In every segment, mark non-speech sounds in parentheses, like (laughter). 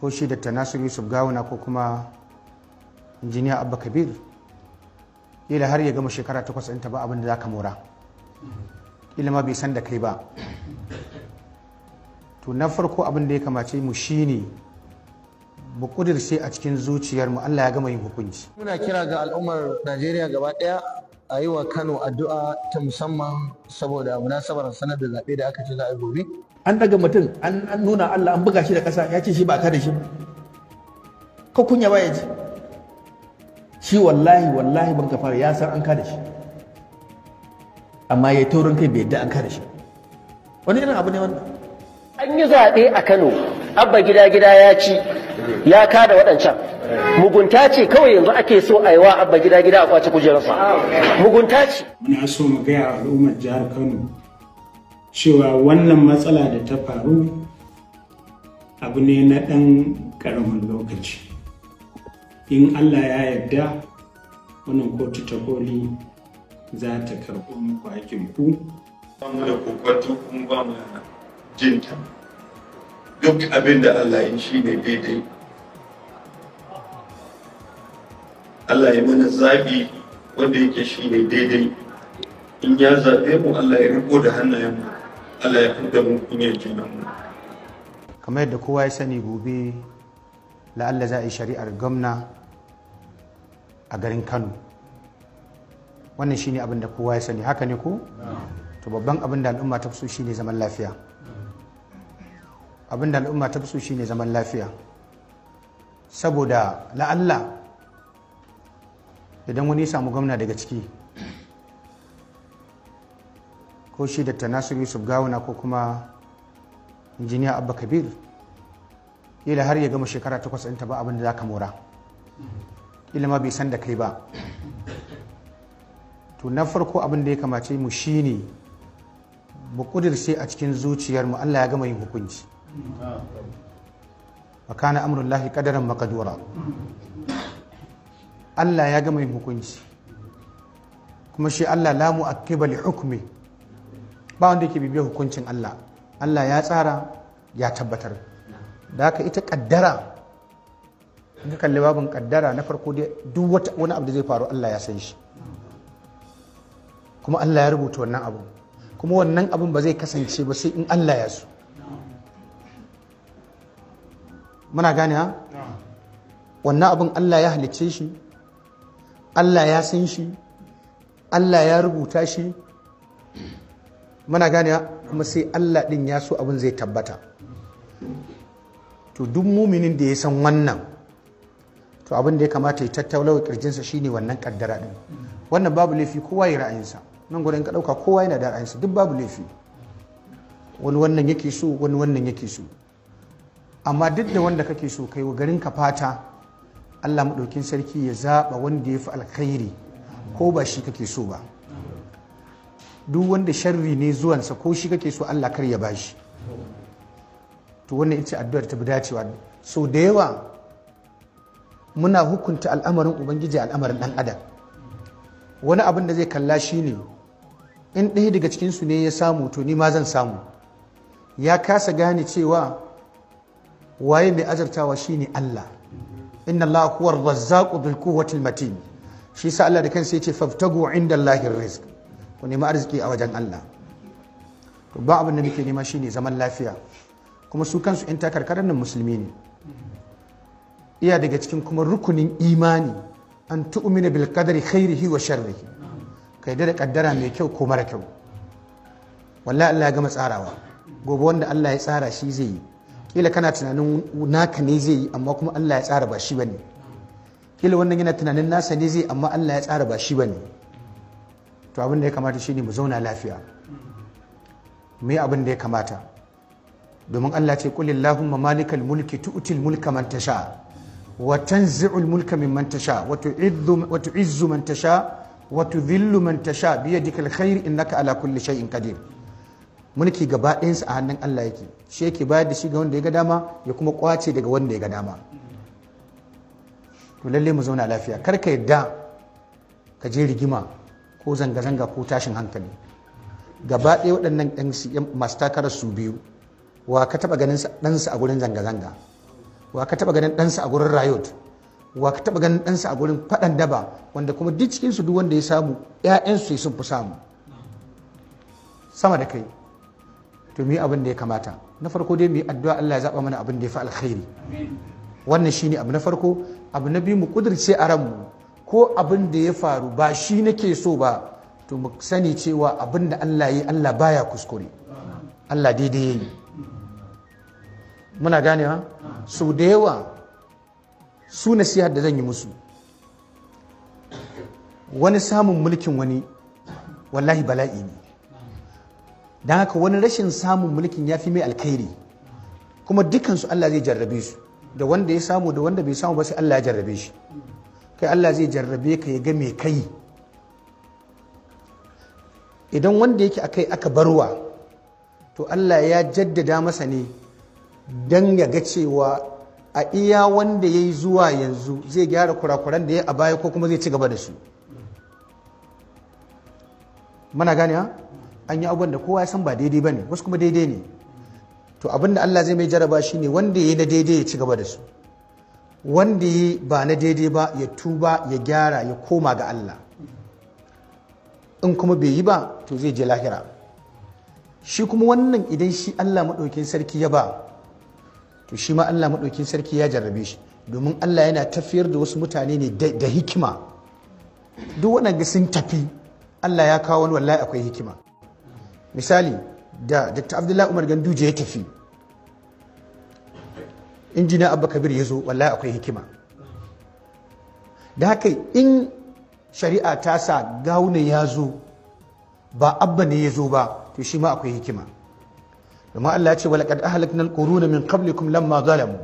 ko shi da nasiru yusuf gawuna ko kuma injiniya abba kabir ila har ya gama shekara takwas ɗinta ba abin da za ka mora ila ma bai san da kai ba to na farko abin da ya kamace mu shi ne mu kudirce a cikin zuciyarmu Allah ya gama yin hukunci muna kira ga al'ummar Najeriya gaba daya. a yi wa Kano addu'a ta musamman saboda munasabar sanar da zaɓe da aka ce za a yi gobe. An daga mutum an nuna Allah an buga shi da ƙasa ya ce shi ba ka da shi ba. Ka kunya ba ya ce. Shi wallahi wallahi ban fara ya san an ka da shi. Amma ya taurin kai bai yadda an ka da shi. Wani irin abu ne wannan? An yi zaɓe a Kano, abba gida gida ya ci, ya kada waɗancan. mugunta ce kawai yanzu ake so a yi wa abba gida gida a kwace kujerarsa mugunta ce muna so mu gaya al'ummar jihar kano cewa wannan matsala da ta faru abu ne na ɗan ƙaramin lokaci in allah ya yarda wannan kotu ta koli za ta karɓo muku hakin ku ba mu da kokonto kuma ba mu jin duk abin da allah in shi ne daidai Allah ya mana zaɓi wanda yake shi ne daidai in ya zaɓe mu Allah ya riko da hannayen mu Allah ya fidda mu in ya jina mu kamar yadda kowa ya sani gobe la'alla za a yi shari'ar gwamna a garin Kano wannan shi abin da kowa ya sani haka ne ko to babban abin da al'umma ta fuso shi ne zaman lafiya abin da al'umma ta fuso shi ne zaman lafiya saboda la'alla idan wani samu gwamna daga ciki ko shi da nasiru yusuf gawuna ko kuma injiniya abba kabir ila har ya gama shekara takwas ɗinta ba abin da za ka mora ila ma bai san da kai ba to na farko abin da ya kamace mu shi ne, mu kudirce a cikin zuciyar mu allah ya gama yin hukunci makana amrullahi kadaran makadura Allah ya ga mai hukunci kuma shi Allah la a li hukumi ba wanda yake bibiyar hukuncin Allah Allah ya tsara ya tabbatar da haka ita kaddara ka kalli babin kaddara na farko dai duk wani abu da zai faru Allah ya san shi kuma Allah ya rubuta wannan abu kuma wannan abun ba zai kasance ba sai in Allah ya so muna gane ha wannan abin Allah ya halicce shi Allah ya san shi Allah ya rubuta shi muna gane kuma sai Allah ɗin ya so abin zai tabbata to duk muminin da ya san wannan to abin da ya kamata ya wa kirjinsa shine wannan kaddara din wannan babu laifi kowa ya ra'ayinsa nan gudun ka ɗauka kowa yana da ra'ayinsa duk babu laifi wani wannan yake so wani wannan yake so amma duk da wanda kake so kai wa garin ka fata Allah maɗaukin sarki ya zaɓa wanda ya fi alkhairi ko ba shi kake so ba duk wanda sharri ne zuwansa ko shi kake so Allah kar ya shi to wannan ita addu'ar ta bi dacewa so da yawa muna hukunta al'amarin ubangiji al'amarin ɗan adam wani abin da zai kalla shi ne in ɗaya daga cikinsu ne ya samu to ni ma zan samu ya kasa gane cewa waye mai azartawa ne Allah inna Allah huwa ar-razzaqu dhul quwwati matin shi sa Allah da kansa yace faftagu inda Allah rizq ku nemi arziki a wajen Allah to ba abin da muke nema shine zaman lafiya kuma su kansu in takarkarar nan musulmi ne iya daga cikin kuma rukunin imani an tu'mina bil qadari khairihi wa sharrihi kai da kaddara mai kyau ko mara kyau wallahi Allah ya gama tsarawa gobe wanda Allah ya tsara shi zai yi kila kana tunanin naka ne zai yi amma kuma Allah ya tsara ba shi bane kila wannan yana tunanin nasa ne zai amma Allah ya tsara ba shi bane to abin da ya kamata shine mu zauna lafiya me abin da ya kamata domin Allah ce qul illahumma malikal mulki tu'til mulka man tasha wa tanzi'ul mulka mimman tasha wa tu'izzu wa tu'izzu man tasha wa tudhillu man tasha biyadikal khair innaka ala kulli shay'in qadir mulki gaba ɗayansa a hannun Allah yake shi yake bayar da shi ga wanda ya ga dama ya kuma kwace daga wanda ya ga dama to lalle mu zauna lafiya kar ka yadda ka je rigima ko zanga-zanga ko tashin hankali gaba ɗaya waɗannan ɗan masu takarar su biyu wa ka taɓa ganin ɗansa a gurin zanga-zanga wa ka taɓa ganin ɗansa a gurin rayot wa ka taɓa ganin ɗansa a gurin faɗan daba wanda kuma duk cikinsu duk wanda ya samu 'ya'yansu sun fi samu sama da kai to mu yi abin da ya kamata na farko dai mu yi addu'a Allah ya zaba mana abin da ya fi alkhairi wannan shine abu na farko abu na biyu mu kudirce a ranmu ko abin da ya faru ba shi nake so ba to mu sani cewa abin da Allah yi Allah baya kuskure Allah daidai yayi muna ganewa su da yawa su nasiha da zan yi musu wani samun mulkin wani wallahi bala'i ne don haka wani rashin samun mulkin ya fi mai alkhairi kuma dukansu Allah zai jarrabe su da wanda ya samu da wanda bai samu ba sai Allah ya jarrabe shi kai Allah zai jarrabe ka ya ga mai kai idan wanda yake akai aka barwa to Allah ya jaddada masa ne don ya ga cewa a iya wanda ya yi zuwa yanzu zai gyara kurakuran da ya a baya ko kuma zai ci gaba da su mana gane ha? an yi abubuwan da kowa ya san ba daidai ba ne wasu kuma daidai ne to abin da Allah zai mai jaraba shi ne wanda ya yi na daidai ya ci gaba da su wanda ya ba na daidai ba ya tuba ya gyara ya koma ga Allah in kuma bai yi ba to zai je lahira shi kuma wannan idan shi Allah maɗaukin sarki ya ba to shi ma Allah maɗaukin sarki ya jarrabe shi domin Allah yana tafiyar da wasu mutane ne da hikima duk waɗanda sun tafi Allah ya kawo wani wallahi akwai hikima misali da dr abdullahi umar ganduje ya tafi injina abba kabir ya zo wallahi akwai hikima da haka in shari'a ta sa gawunan ya zo ba abba ne ya zo ba to shi ma akwai hikima domin Allah ya ce walaqad ahlakna alquruna min qablikum lamma zalamu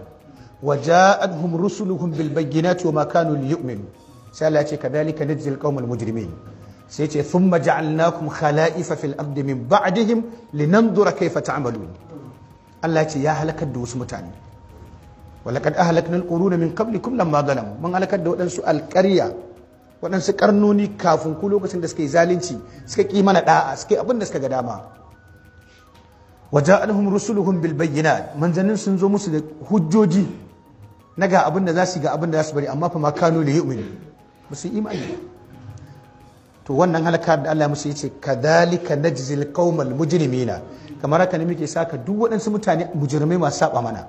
wa ja'atuhum rusuluhum bil bayyinati wa ma kanu liyu'minu sai Allah ya ce kadhalika najzil qaumal mujrimin sai ce thumma ja'alnakum khala'ifa fil ardi min ba'dihim linanzura kaifa ta'malun Allah ya ce ya halakar da wasu mutane walaqad ahlakna al-quruna min qablikum lamma zalamu mun halakar da waɗansu alƙarya waɗansu karnoni kafin ku lokacin da suka yi zalunci suka ki mana da'a suka yi abin da suka ga dama waja'alhum rusuluhum bil bayyinat manzannin sun zo musu da hujjoji na ga abin da za su ga abin da za su bari amma fa ma kanu li yu'minu musu imani to wannan halakar da Allah musu yace kadhalika najzil qaumal mujrimina kamar haka ne muke saka duk waɗansu mutane mujrimai masu saba mana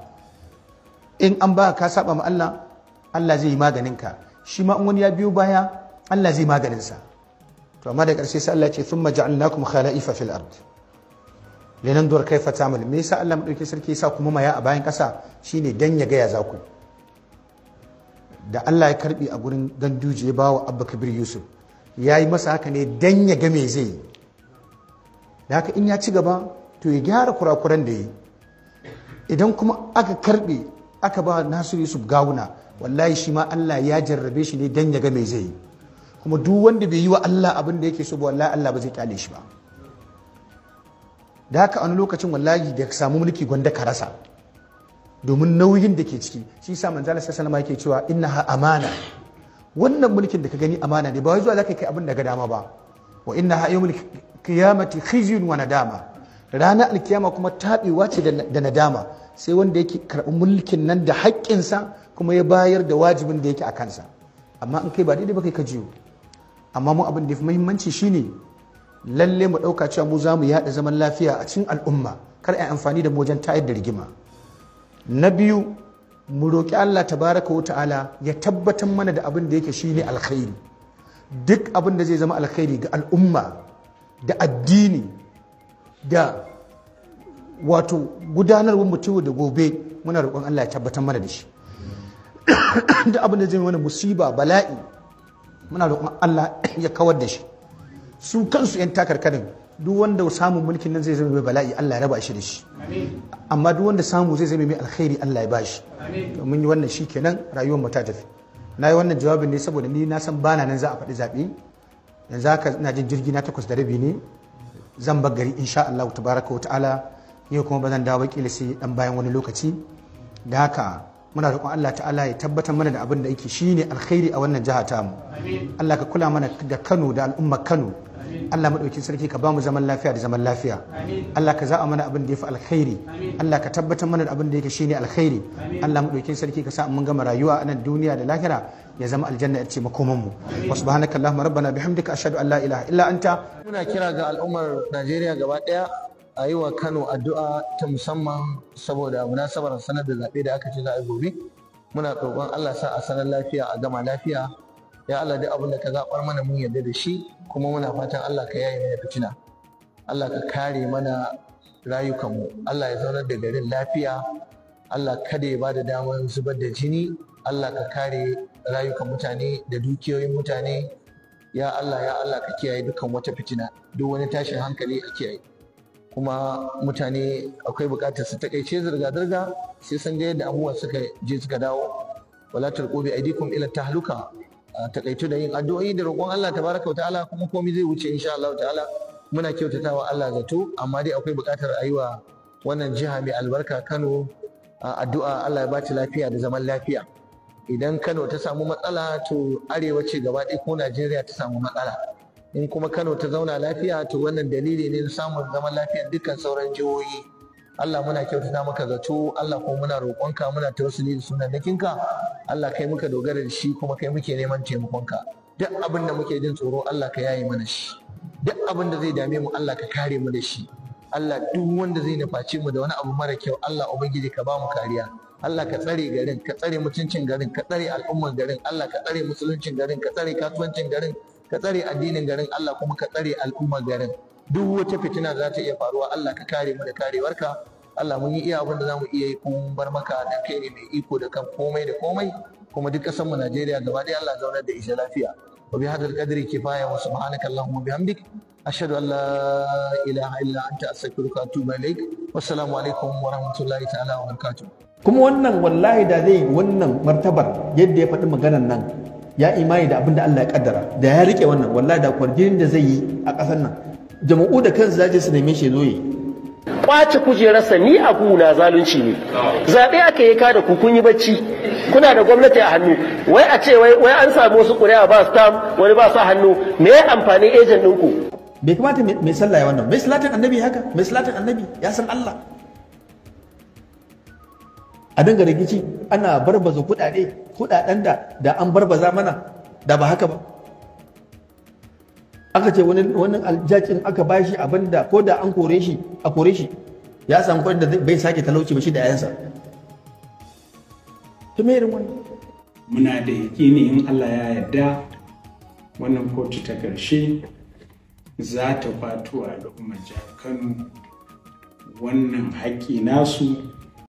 in an ba ka saba ma Allah Allah zai yi maganin ka shi ma in wani ya biyo baya Allah zai maganin sa to amma da ƙarshe sai Allah ya ce thumma ja'alnakum khala'ifa fil ard duwar kaifa ta'mal me yasa Allah madauke sarki yasa kuma maya a bayan ƙasa shine dan ya gaya za ku da Allah ya karbi a gurin ganduje bawa Abba Kabir Yusuf ya yi masa haka ne don ya ga me zai yi da haka in ya ci gaba to ya gyara kurakuran da ya yi idan kuma aka karbe aka ba nasiru yusuf gawuna wallahi shi ma allah ya jarrabe shi ne don ya ga me zai yi kuma duk wanda bai yi wa allah abin da yake so ba wallahi allah ba zai kyale shi ba da haka wani lokacin wallahi da samu mulki gwanda ka rasa domin nauyin da ke ciki shi sa manzala sassanama alaihi yake cewa ha amana wannan mulkin da ka gani amana ne ba wai zuwa za ka kai abin da ga dama ba wa inna ha yawmul qiyamati khizyun wa nadama rana alkiyama kuma taɓewa ce da nadama sai wanda yake karɓi mulkin nan da haƙƙinsa kuma ya bayar da wajibin da yake a kansa amma in kai ba daidai ba kai ka jiyo amma mu abin da fi muhimmanci shine lalle mu ɗauka cewa mu za mu yaɗa zaman lafiya a cikin al'umma kar a amfani da mu wajen tayar da rigima na biyu mu roƙi Allah tabaraka wa ta'ala ya tabbatar mana da abin da yake shine alkhairi duk abin da zai zama alkhairi ga al'umma da addini da wato gudanarwar mutum da gobe muna roƙon Allah ya tabbatar mana da shi (coughs) duk abin da zai mana musiba bala'i muna roƙon Allah ya kawar da shi su kansu 'yan takarkarin duk wanda samun mulkin nan zai zama mai bala'i Allah ya raba shi da shi amma duk wanda samu zai zama mai alkhairi Allah ya bashi mun yi wannan shikenan rayuwar mu ta tafi na yi wannan jawabin ne saboda ni na san bana nan za a faɗi zaɓe yanzu haka ina jin jirgi na takwas da rabi ne zan bar gari insha Allah ta wa ta'ala yau kuma ba zan dawo kila sai dan bayan wani lokaci da haka muna roƙon Allah ta'ala ya tabbatar mana da abin da yake shine alkhairi a wannan jiha tamu Allah ka kula mana da Kano da al'ummar Kano Allah madaukin sarki ka ba mu zaman lafiya da zaman lafiya Allah ka za'a mana abin da yafi alkhairi Allah ka tabbatar mana da abin da yake shine alkhairi Allah madaukin sarki ka sa mun gama rayuwa a nan duniya da lahira ya zama aljanna ce makoman mu wa subhanakallahumma rabbana bihamdika ashhadu an la ilaha illa anta muna kira ga al'ummar Najeriya gaba daya a yi wa Kano addu'a ta musamman saboda munasabar sanar da zaɓe da aka ce za a gobe muna roƙon Allah sa a sanar lafiya a gama lafiya ya Allah duk abin da ka zaɓar mana mun yarda da shi kuma muna fatan Allah ka yaye mana fitina Allah ka kare mana rayukanmu Allah ya zaunar da garin lafiya Allah kada ya bada damar zubar da jini Allah ka kare rayukan mutane da dukiyoyin mutane ya Allah ya Allah ka kiyaye dukkan wata fitina duk wani tashin hankali a kiyaye kuma mutane akwai bukatar su takaice zirga-zirga sai san ga yadda abubuwa suka je suka dawo wala tarqu bi aidikum ila tahluka takaitu da yin addu'o'i da roƙon Allah tabaraka ta'ala kuma komai zai wuce insha Allah ta'ala muna kyautatawa Allah zato amma dai akwai bukatar a yi wa wannan jiha mai albarka Kano addu'a Allah ya bata lafiya da zaman lafiya idan Kano ta samu matsala to arewa ce gaba ɗaya ko Najeriya ta samu matsala in kuma Kano ta zauna lafiya to wannan dalili ne na samun zaman lafiyar dukkan sauran jihohi Allah muna kyautata maka zato Allah kuma muna roƙonka muna tausuli da nakinka Allah kai muka dogara da shi kuma kai muke neman taimakonka duk abin da muke jin tsoro Allah ka yaye mana shi duk abin da zai dame mu Allah ka kare mu da shi Allah duk wanda zai nufaci mu da wani abu mara kyau Allah ubangiji ka ba mu kariya Allah ka tsare garin ka tsare mutuncin garin ka tsare al'umman garin Allah ka tsare musuluncin garin ka tsare kasuwancin garin ka tsare addinin garin Allah kuma ka tsare al'ummar garin duk wata fitina za ta iya faruwa Allah ka kare mu da karewarka Allah mun yi iya abin da za mu iya yi kuma mun bar maka dan kai ne mai iko da kan komai da komai kuma duk ƙasar mu Najeriya gaba ɗaya Allah zauna da isa lafiya wa bi hadal qadri kifaya wa subhanaka allahumma bihamdik ashhadu an la ilaha illa anta astaghfiruka wa atubu ilaik assalamu alaikum wa rahmatullahi ta'ala wa barakatuh kuma wannan wallahi da zai wannan martabar yadda ya faɗi maganar nan ya imani da abin da Allah ya kaddara da ya rike wannan wallahi da kwargin da zai yi a ƙasar nan jama'u da kansu zaje su neme shi zo yi kwace kujerarsa ni a na zalunci ne zaɓe aka yi ka da ku kun yi bacci kuna da gwamnati a hannu wai a ce wai an samu wasu ƙuri'a ba tam wani ba sa hannu me amfani ejen ɗinku bai kamata mai sallah wannan mai salatin annabi haka mai salatin annabi ya san Allah a dinga rikici ana barbaza kuɗaɗe kuɗaɗen da da an barbaza mana da ba haka ba aka ce wani wani aljacin aka bashi abin da ko da an kore shi a kore shi ya samu kuɗin da bai sake talauci ba shi da 'ya'yansa. to me irin wannan muna da yakini in Allah ya yarda wannan kotu ta karshe za ta kwato al'ummar jihar Kano wannan haƙƙi nasu